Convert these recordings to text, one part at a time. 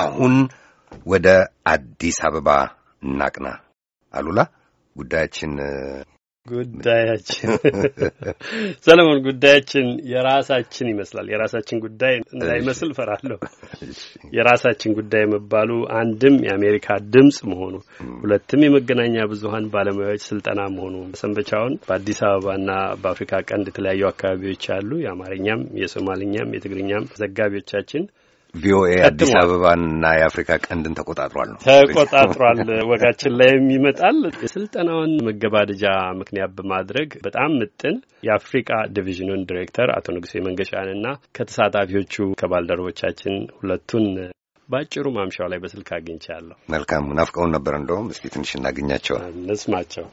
አሁን ወደ አዲስ አበባ እናቅና። አሉላ ጉዳያችን ጉዳያችን ሰለሞን ጉዳያችን የራሳችን ይመስላል። የራሳችን ጉዳይ እንዳይመስል ፈራለሁ። የራሳችን ጉዳይ መባሉ አንድም የአሜሪካ ድምፅ መሆኑ፣ ሁለትም የመገናኛ ብዙኃን ባለሙያዎች ስልጠና መሆኑ መሰንበቻውን በአዲስ አበባና በአፍሪካ ቀንድ የተለያዩ አካባቢዎች ያሉ የአማርኛም፣ የሶማልኛም፣ የትግርኛም ዘጋቢዎቻችን ቪኦኤ አዲስ አበባንና የአፍሪካ ቀንድን ተቆጣጥሯል ነው ተቆጣጥሯል። ወጋችን ላይም ይመጣል። የስልጠናውን መገባደጃ ምክንያት በማድረግ በጣም ምጥን የአፍሪካ ዲቪዥኑን ዲሬክተር አቶ ንጉሴ መንገሻንና ከተሳታፊዎቹ ከባልደረቦቻችን ሁለቱን በአጭሩ ማምሻው ላይ በስልክ አግኝቻለሁ። መልካም ናፍቀውን ነበር። እንደውም እስቲ ትንሽ እናገኛቸዋል፣ እንስማቸው።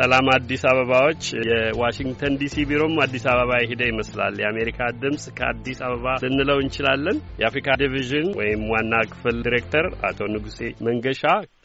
ሰላም አዲስ አበባዎች፣ የዋሽንግተን ዲሲ ቢሮም አዲስ አበባ የሄደ ይመስላል። የአሜሪካ ድምፅ ከአዲስ አበባ ልንለው እንችላለን። የአፍሪካ ዲቪዥን ወይም ዋና ክፍል ዲሬክተር አቶ ንጉሴ መንገሻ፣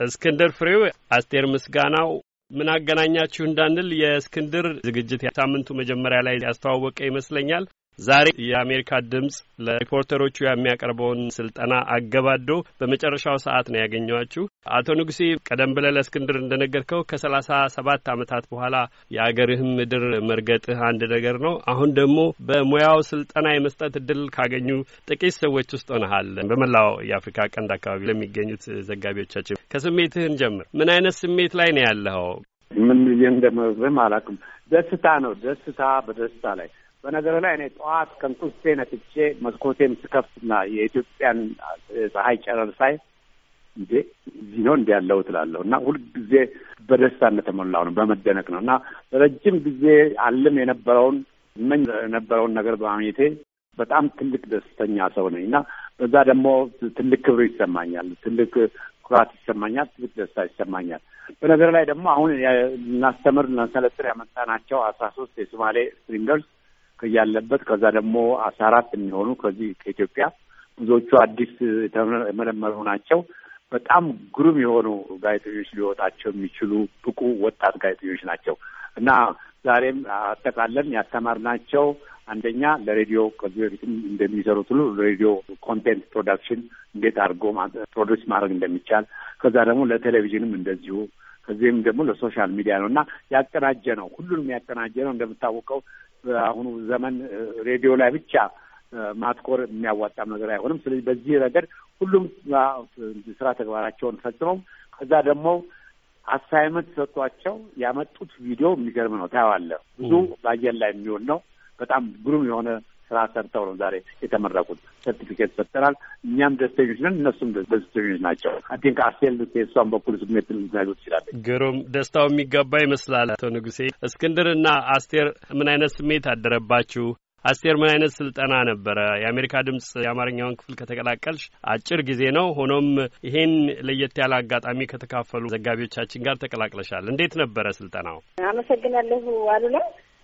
እስክንድር ፍሬው፣ አስቴር ምስጋናው ምን አገናኛችሁ እንዳንል የእስክንድር ዝግጅት ሳምንቱ መጀመሪያ ላይ ያስተዋወቀ ይመስለኛል። ዛሬ የአሜሪካ ድምጽ ለሪፖርተሮቹ የሚያቀርበውን ስልጠና አገባዶ በመጨረሻው ሰዓት ነው ያገኘዋችሁ። አቶ ንጉሴ ቀደም ብለህ ለእስክንድር እንደነገርከው ከሰላሳ ሰባት ዓመታት በኋላ የአገርህም ምድር መርገጥህ አንድ ነገር ነው። አሁን ደግሞ በሙያው ስልጠና የመስጠት እድል ካገኙ ጥቂት ሰዎች ውስጥ ሆነሃል። በመላው የአፍሪካ ቀንድ አካባቢ ለሚገኙት ዘጋቢዎቻችን ከስሜትህን ጀምር። ምን አይነት ስሜት ላይ ነው ያለኸው? ምን ብዬ እንደመዝም አላውቅም። ደስታ ነው ደስታ በደስታ ላይ በነገር ላይ እኔ ጠዋት ከእንቅልፌ መስኮቴ መስኮቴን ስከፍትና የኢትዮጵያን ፀሐይ ጨረር ሳይ እንዴ እዚህ ነው እንዲ ያለው ትላለሁ እና ሁልጊዜ በደስታ እንደተሞላው ነው፣ በመደነቅ ነው እና ረጅም ጊዜ አልም የነበረውን እመኝ የነበረውን ነገር በማግኘቴ በጣም ትልቅ ደስተኛ ሰው ነኝ እና በዛ ደግሞ ትልቅ ክብር ይሰማኛል፣ ትልቅ ኩራት ይሰማኛል፣ ትልቅ ደስታ ይሰማኛል። በነገር ላይ ደግሞ አሁን ልናስተምር ልናሰለጥር ያመጣናቸው አስራ ሶስት የሶማሌ ስትሪንገርስ ያለበት ከዛ ደግሞ አስራ አራት የሚሆኑ ከዚህ ከኢትዮጵያ ብዙዎቹ አዲስ የመለመሉ ናቸው። በጣም ግሩም የሆኑ ጋዜጠኞች ሊወጣቸው የሚችሉ ብቁ ወጣት ጋዜጠኞች ናቸው እና ዛሬም አጠቃለን ያስተማርናቸው አንደኛ ለሬዲዮ ከዚህ በፊትም እንደሚሰሩት ሁሉ ሬዲዮ ኮንቴንት ፕሮዳክሽን እንዴት አድርጎ ፕሮዲስ ማድረግ እንደሚቻል ከዛ ደግሞ ለቴሌቪዥንም እንደዚሁ ከዚህም ደግሞ ለሶሻል ሚዲያ ነው እና ያቀናጀ ነው። ሁሉንም ያቀናጀ ነው። እንደምታወቀው በአሁኑ ዘመን ሬዲዮ ላይ ብቻ ማትኮር የሚያዋጣም ነገር አይሆንም። ስለዚህ በዚህ ረገድ ሁሉም ስራ ተግባራቸውን ፈጽመው ከዛ ደግሞ አሳይመንት ሰጥቷቸው ያመጡት ቪዲዮ የሚገርም ነው። ታየዋለህ። ብዙ በአየር ላይ የሚሆን ነው። በጣም ግሩም የሆነ ስራ ሰርተው ነው ዛሬ የተመረቁት። ሰርቲፊኬት ሰጥተናል። እኛም ደስተኞች ነን፣ እነሱም ደስተኞች ናቸው። አንቲንክ አሴል የእሷን በኩል ስሜት ልትናገ ትችላለች። ግሩም ደስታው የሚገባ ይመስላል። አቶ ንጉሴ እስክንድርና አስቴር ምን አይነት ስሜት አደረባችሁ? አስቴር ምን አይነት ስልጠና ነበረ? የአሜሪካ ድምጽ የአማርኛውን ክፍል ከተቀላቀልሽ አጭር ጊዜ ነው። ሆኖም ይሄን ለየት ያለ አጋጣሚ ከተካፈሉ ዘጋቢዎቻችን ጋር ተቀላቅለሻል። እንዴት ነበረ ስልጠናው? አመሰግናለሁ አሉላ።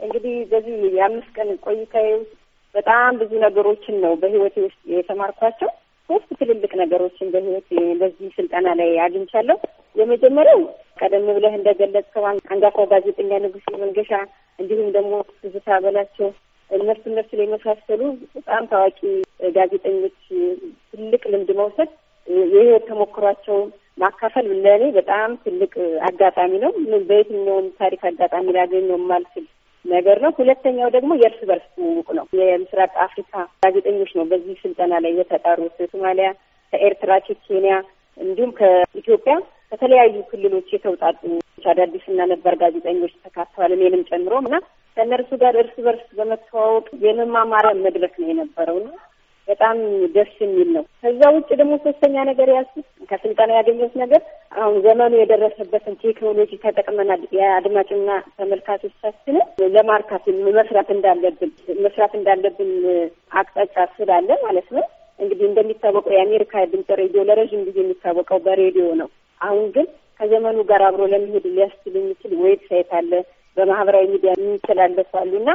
እንግዲህ በዚህ የአምስት ቀን ቆይታዬ ውስጥ በጣም ብዙ ነገሮችን ነው በህይወቴ ውስጥ የተማርኳቸው። ሶስት ትልልቅ ነገሮችን በህይወት በዚህ ስልጠና ላይ አግኝቻለሁ። የመጀመሪያው ቀደም ብለህ እንደገለጽከው አንጋፋው ጋዜጠኛ ንጉሴ መንገሻ እንዲሁም ደግሞ ትዝታ በላቸው እነርሱ ላይ የመሳሰሉ በጣም ታዋቂ ጋዜጠኞች ትልቅ ልምድ መውሰድ የህይወት ተሞክሯቸውን ማካፈል ለእኔ በጣም ትልቅ አጋጣሚ ነው። በየትኛውም ታሪክ አጋጣሚ ላገኘው የማልችል ነገር ነው። ሁለተኛው ደግሞ የእርስ በርስ ትውውቅ ነው። የምስራቅ አፍሪካ ጋዜጠኞች ነው በዚህ ስልጠና ላይ የተጠሩት። ሶማሊያ፣ ከኤርትራ፣ ከኬንያ እንዲሁም ከኢትዮጵያ ከተለያዩ ክልሎች የተውጣጡ አዳዲስና ነበር ጋዜጠኞች ተካተዋል፣ እኔንም ጨምሮ እና ከእነርሱ ጋር እርስ በርስ በመተዋወቅ የመማማሪያ መድረክ ነው የነበረው ነው በጣም ደስ የሚል ነው። ከዛ ውጭ ደግሞ ሶስተኛ ነገር ያልኩት ከስልጠና ያገኘሁት ነገር አሁን ዘመኑ የደረሰበትን ቴክኖሎጂ ተጠቅመናል የአድማጭና ተመልካቾቻችንን ለማርካት መስራት እንዳለብን መስራት እንዳለብን አቅጣጫ ስላለ ማለት ነው። እንግዲህ እንደሚታወቀው የአሜሪካ ድምጽ ሬዲዮ ለረዥም ጊዜ የሚታወቀው በሬዲዮ ነው። አሁን ግን ከዘመኑ ጋር አብሮ ለመሄድ ሊያስችል የሚችል ዌብሳይት አለ፣ በማህበራዊ ሚዲያ የሚተላለፉ አሉና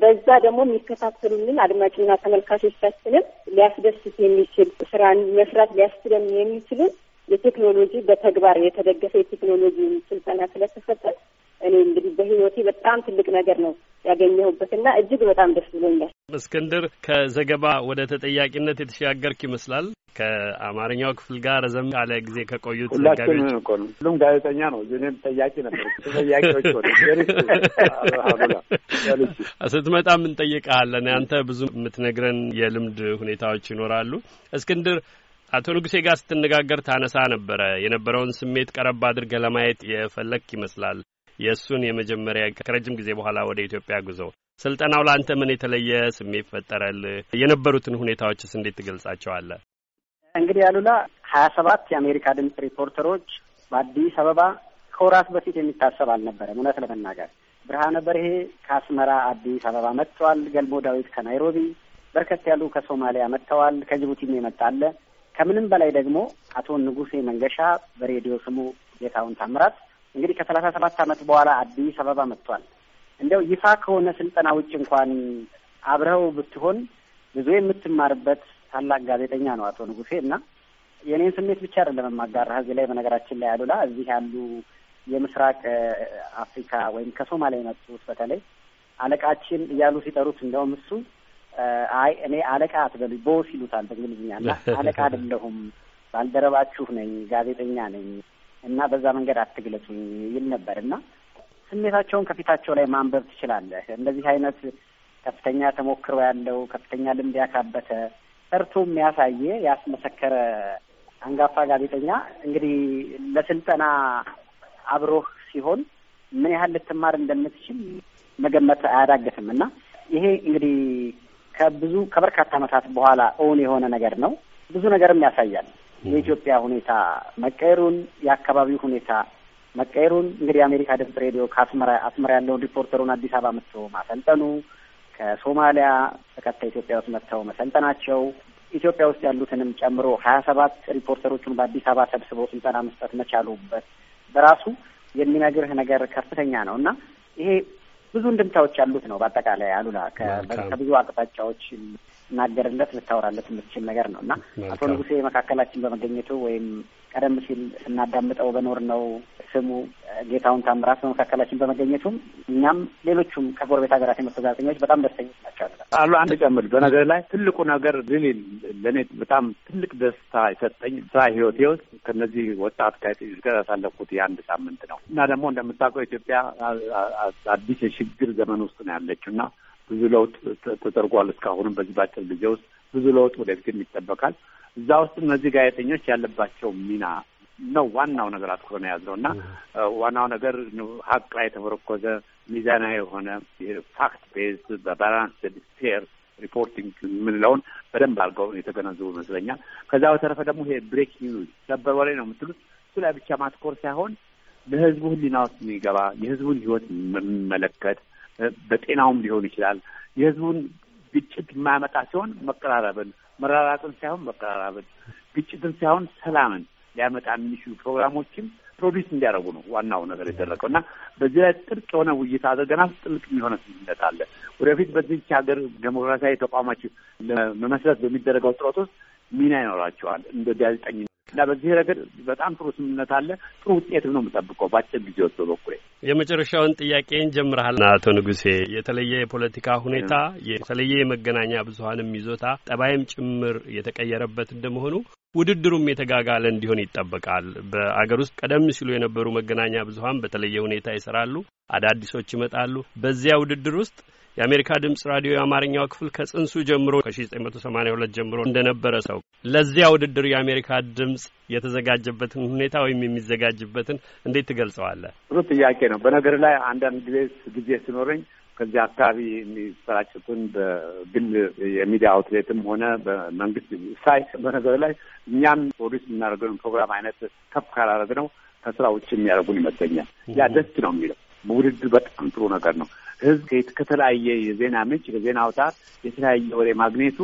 በዛ ደግሞ የሚከታተሉልን አድማጭና ተመልካቾቻችንን ሊያስደስት የሚችል ስራን መስራት ሊያስችለን የሚችልን የቴክኖሎጂ በተግባር የተደገፈ የቴክኖሎጂ ስልጠና ስለተሰጠ እኔ እንግዲህ በህይወቴ በጣም ትልቅ ነገር ነው ያገኘሁበትና እጅግ በጣም ደስ ብሎኛል። እስክንድር፣ ከዘገባ ወደ ተጠያቂነት የተሻገርክ ይመስላል። ከአማርኛው ክፍል ጋር ረዘም ያለ ጊዜ ከቆዩት ሁላችንም እኮ ነው። ሁሉም ጋዜጠኛ ነው። እኔም ጠያቂ ነበር። ተጠያቂዎች ሆነ ስትመጣም እንጠይቀሃለን። አንተ ብዙ የምትነግረን የልምድ ሁኔታዎች ይኖራሉ። እስክንድር አቶ ንጉሴ ጋር ስትነጋገር ታነሳ ነበረ የነበረውን ስሜት ቀረብ አድርገ ለማየት የፈለክ ይመስላል። የእሱን የመጀመሪያ ከረጅም ጊዜ በኋላ ወደ ኢትዮጵያ ጉዞ ስልጠናው ለአንተ ምን የተለየ ስሜት ፈጠረልህ? የነበሩትን ሁኔታዎችስ እንዴት ትገልጻቸዋለህ? እንግዲህ አሉላ ሀያ ሰባት የአሜሪካ ድምፅ ሪፖርተሮች በአዲስ አበባ ከወራት በፊት የሚታሰብ አልነበረም። እውነት ለመናገር ብርሃነ በርሄ ከአስመራ አዲስ አበባ መጥተዋል። ገልሞ ዳዊት ከናይሮቢ፣ በርከት ያሉ ከሶማሊያ መጥተዋል። ከጅቡቲም የመጣለ ከምንም በላይ ደግሞ አቶ ንጉሴ መንገሻ በሬዲዮ ስሙ ጌታውን ታምራት እንግዲህ ከሰላሳ ሰባት ዓመት በኋላ አዲስ አበባ መጥቷል። እንደው ይፋ ከሆነ ስልጠና ውጭ እንኳን አብረው ብትሆን ብዙ የምትማርበት ታላቅ ጋዜጠኛ ነው አቶ ንጉሴ እና የእኔን ስሜት ብቻ አይደለም የማጋራህ እዚህ ላይ በነገራችን ላይ አሉላ እዚህ ያሉ የምስራቅ አፍሪካ ወይም ከሶማሊያ የመጡት በተለይ አለቃችን እያሉ ሲጠሩት እንደውም እሱ አይ እኔ አለቃ አትበሉ ቦስ ይሉታል በእንግሊዝኛ እና አለቃ አይደለሁም ባልደረባችሁ ነኝ ጋዜጠኛ ነኝ እና በዛ መንገድ አትግለጹኝ ይል ነበር እና ስሜታቸውን ከፊታቸው ላይ ማንበብ ትችላለህ። እንደዚህ አይነት ከፍተኛ ተሞክሮ ያለው ከፍተኛ ልምድ ያካበተ ሰርቶ የሚያሳየ ያስመሰከረ አንጋፋ ጋዜጠኛ እንግዲህ ለስልጠና አብሮህ ሲሆን ምን ያህል ልትማር እንደምትችል መገመት አያዳግትም እና ይሄ እንግዲህ ከብዙ ከበርካታ ዓመታት በኋላ እውን የሆነ ነገር ነው። ብዙ ነገርም ያሳያል። የኢትዮጵያ ሁኔታ መቀየሩን፣ የአካባቢው ሁኔታ መቀየሩን እንግዲህ የአሜሪካ ድምፅ ሬዲዮ ከአስመራ አስመራ ያለውን ሪፖርተሩን አዲስ አበባ መጥቶ ማሰልጠኑ ከሶማሊያ ተከታይ ኢትዮጵያ ውስጥ መጥተው መሰልጠናቸው ኢትዮጵያ ውስጥ ያሉትንም ጨምሮ ሀያ ሰባት ሪፖርተሮቹን በአዲስ አበባ ሰብስበው ስልጠና መስጠት መቻሉበት በራሱ የሚነግርህ ነገር ከፍተኛ ነው እና ይሄ ብዙ እንድምታዎች ያሉት ነው። በአጠቃላይ አሉላ ከብዙ አቅጣጫዎች እናገርለት ልታወራለት የምትችል ነገር ነው እና አቶ ንጉሴ መካከላችን በመገኘቱ ወይም ቀደም ሲል ስናዳምጠው በኖር ነው ስሙ ጌታውን ታምራት በመካከላችን በመገኘቱም እኛም ሌሎቹም ከጎረቤት ሀገራት የመጡ ጋዜጠኞች በጣም ደስተኞች ናቸው። አሉ አንድ ጨምር በነገር ላይ ትልቁ ነገር ልል ለእኔ በጣም ትልቅ ደስታ የሰጠኝ ስራ ህይወቴ ውስጥ ከነዚህ ወጣት ጋዜጠኞች ጋር ያሳለፍኩት የአንድ ሳምንት ነው እና ደግሞ እንደምታውቀው ኢትዮጵያ አዲስ የሽግግር ዘመን ውስጥ ነው ያለችው እና ብዙ ለውጥ ተደርጓል። እስካሁንም በዚህ ባጭር ጊዜ ውስጥ ብዙ ለውጥ ወደፊትም ይጠበቃል። እዛ ውስጥ እነዚህ ጋዜጠኞች ያለባቸው ሚና ነው ዋናው ነገር ነው የያዝነው እና ዋናው ነገር ሀቅ ላይ የተመረኮዘ ሚዛናዊ የሆነ ፋክት ቤዝ በባላንስ ፌር ሪፖርቲንግ የምንለውን በደንብ አድርገው የተገነዘቡ ይመስለኛል። ከዛ በተረፈ ደግሞ ይሄ ብሬኪንግ ኒውዝ ሰበር ወሬ ነው የምትሉት እሱ ላይ ብቻ ማትኮር ሳይሆን ለህዝቡ ህሊና ውስጥ የሚገባ የህዝቡን ህይወት የሚመለከት በጤናውም ሊሆን ይችላል የህዝቡን ግጭት የማያመጣ ሲሆን መቀራረብን፣ መራራቅን ሳይሆን መቀራረብን፣ ግጭትን ሳይሆን ሰላምን ሊያመጣ የሚችሉ ፕሮግራሞችን ፕሮዲስ እንዲያደርጉ ነው ዋናው ነገር የደረገው እና በዚህ ላይ ጥልቅ የሆነ ውይይት አድርገናል። ጥልቅ የሚሆነ ስምምነት አለ። ወደፊት በዚህች ሀገር ዴሞክራሲያዊ ተቋማች ለመመስረት በሚደረገው ጥረት ውስጥ ሚና ይኖራቸዋል እንደ ጋዜጠኝ እና በዚህ ረገድ በጣም ጥሩ ስምምነት አለ። ጥሩ ውጤትም ነው የምጠብቀው በአጭር ጊዜ ወስዶ በኩል የመጨረሻውን ጥያቄን ጀምረሃል። አቶ ንጉሴ የተለየ የፖለቲካ ሁኔታ የተለየ የመገናኛ ብዙሀንም ይዞታ ጠባይም ጭምር የተቀየረበት እንደመሆኑ ውድድሩም የተጋጋለ እንዲሆን ይጠበቃል። በአገር ውስጥ ቀደም ሲሉ የነበሩ መገናኛ ብዙሀን በተለየ ሁኔታ ይሰራሉ፣ አዳዲሶች ይመጣሉ። በዚያ ውድድር ውስጥ የአሜሪካ ድምጽ ራዲዮ የአማርኛው ክፍል ከጽንሱ ጀምሮ ከ1982 ጀምሮ እንደነበረ ሰው ለዚያ ውድድር የአሜሪካ ድምጽ የተዘጋጀበትን ሁኔታ ወይም የሚዘጋጅበትን እንዴት ትገልጸዋለህ? ጥሩ ጥያቄ ነው። በነገር ላይ አንዳንድ ጊዜ ጊዜ ሲኖረኝ ከዚህ አካባቢ የሚሰራጭቱን በግል የሚዲያ አውትሌትም ሆነ በመንግስት ሳይ በነገር ላይ እኛም ፕሮዲስ የምናደርገውን ፕሮግራም አይነት ከፍ ካላደረግ ነው ከስራ ውጭ የሚያደርጉን ይመስለኛል። ያ ደስ ነው የሚለው ውድድር በጣም ጥሩ ነገር ነው። ህዝብ ከተለያየ የዜና ምንጭ ከዜና አውታር የተለያየ ወሬ ማግኘቱ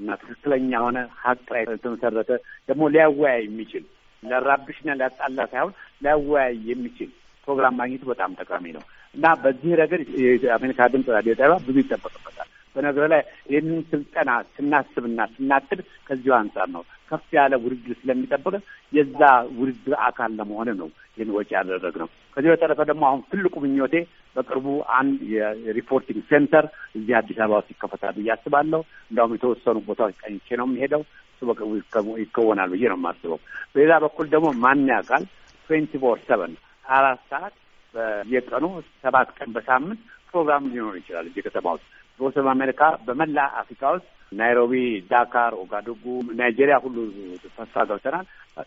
እና ትክክለኛ የሆነ ሀቅ ላይ የተመሰረተ ደግሞ ሊያወያይ የሚችል ሊያራብሽና ሊያጣላ ሳይሆን ሊያወያይ የሚችል ፕሮግራም ማግኘቱ በጣም ጠቃሚ ነው እና በዚህ ረገድ የአሜሪካ ድምፅ ራዲዮ ጣቢያ ብዙ ይጠበቅበታል። በነገር ላይ ይህንን ስልጠና ስናስብና ስናቅድ ከዚሁ አንጻር ነው። ከፍ ያለ ውድድር ስለሚጠብቅ የዛ ውድድር አካል ለመሆን ነው ይህን ወጪ ያደረግነው። ከዚህ በተረፈ ደግሞ አሁን ትልቁ ምኞቴ በቅርቡ አንድ የሪፖርቲንግ ሴንተር እዚህ አዲስ አበባ ውስጥ ይከፈታል ብዬ አስባለሁ። እንዲሁም የተወሰኑ ቦታዎች ቀኝቼ ነው የሚሄደው እሱ በቅርቡ ይከወናል ብዬ ነው የማስበው። በሌላ በኩል ደግሞ ማን ያውቃል ትዌንቲ ፎር ሰቨን አራት ሰዓት በየቀኑ ሰባት ቀን በሳምንት ፕሮግራም ሊኖር ይችላል እዚህ ከተማ ውስጥ በወሰብ አሜሪካ በመላ አፍሪካ ውስጥ ናይሮቢ፣ ዳካር፣ ኦጋዱጉ፣ ናይጄሪያ ሁሉ ስራ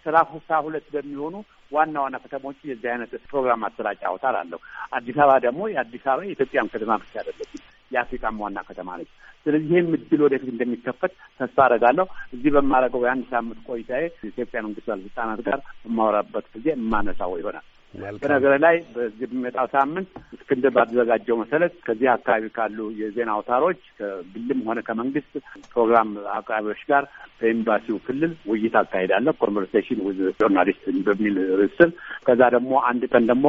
ሰላሳ ሁለት በሚሆኑ ዋና ዋና ከተሞች የዚህ አይነት ፕሮግራም አሰራጫ አውታር አለው። አዲስ አበባ ደግሞ የአዲስ አበባ የኢትዮጵያም ከተማ ብቻ አይደለችም፣ የአፍሪካም ዋና ከተማ ነች። ስለዚህ ይህም እድል ወደፊት እንደሚከፈት ተስፋ አደርጋለሁ። እዚህ በማደርገው የአንድ ሳምንት ቆይታዬ የኢትዮጵያ መንግስት ባለስልጣናት ጋር የማወራበት ጊዜ የማነሳው ይሆናል። በነገር ላይ በሚመጣው ሳምንት እስክንድር ባዘጋጀው መሰረት ከዚህ አካባቢ ካሉ የዜና አውታሮች ከግልም ሆነ ከመንግስት ፕሮግራም አቅራቢዎች ጋር በኤምባሲው ክልል ውይይት አካሄዳለሁ። ኮንቨርሴሽን ዊዝ ጆርናሊስት በሚል ርዕስ ከዛ ደግሞ አንድ ቀን ደግሞ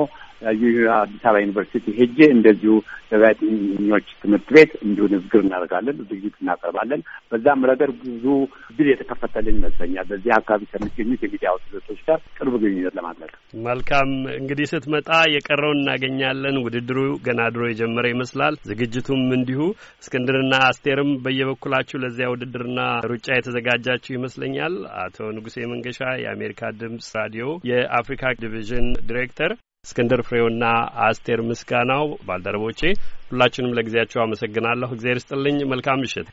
አዲስ አበባ ዩኒቨርሲቲ ሄጄ እንደዚሁ ለጋዜጠኞች ትምህርት ቤት እንዲሁ ንግግር እናደርጋለን፣ ዝግጅት እናቀርባለን። በዛም ረገድ ብዙ ድል የተከፈተልን ይመስለኛል በዚህ አካባቢ ከሚገኙት የሚዲያ አውትሌቶች ጋር ቅርብ ግንኙነት ለማድረግ። መልካም እንግዲህ ስትመጣ የቀረውን እናገኛለን። ውድድሩ ገና ድሮ የጀመረ ይመስላል። ዝግጅቱም እንዲሁ እስክንድርና አስቴርም በየበኩላችሁ ለዚያ ውድድርና ሩጫ የተዘጋጃችሁ ይመስለኛል። አቶ ንጉሴ መንገሻ የአሜሪካ ድምጽ ራዲዮ የአፍሪካ ዲቪዥን ዲሬክተር እስክንድር ፍሬውና አስቴር ምስጋናው ባልደረቦቼ ሁላችንም ለጊዜያቸው አመሰግናለሁ። እግዚአብሔር ስጥልኝ መልካም ምሽት።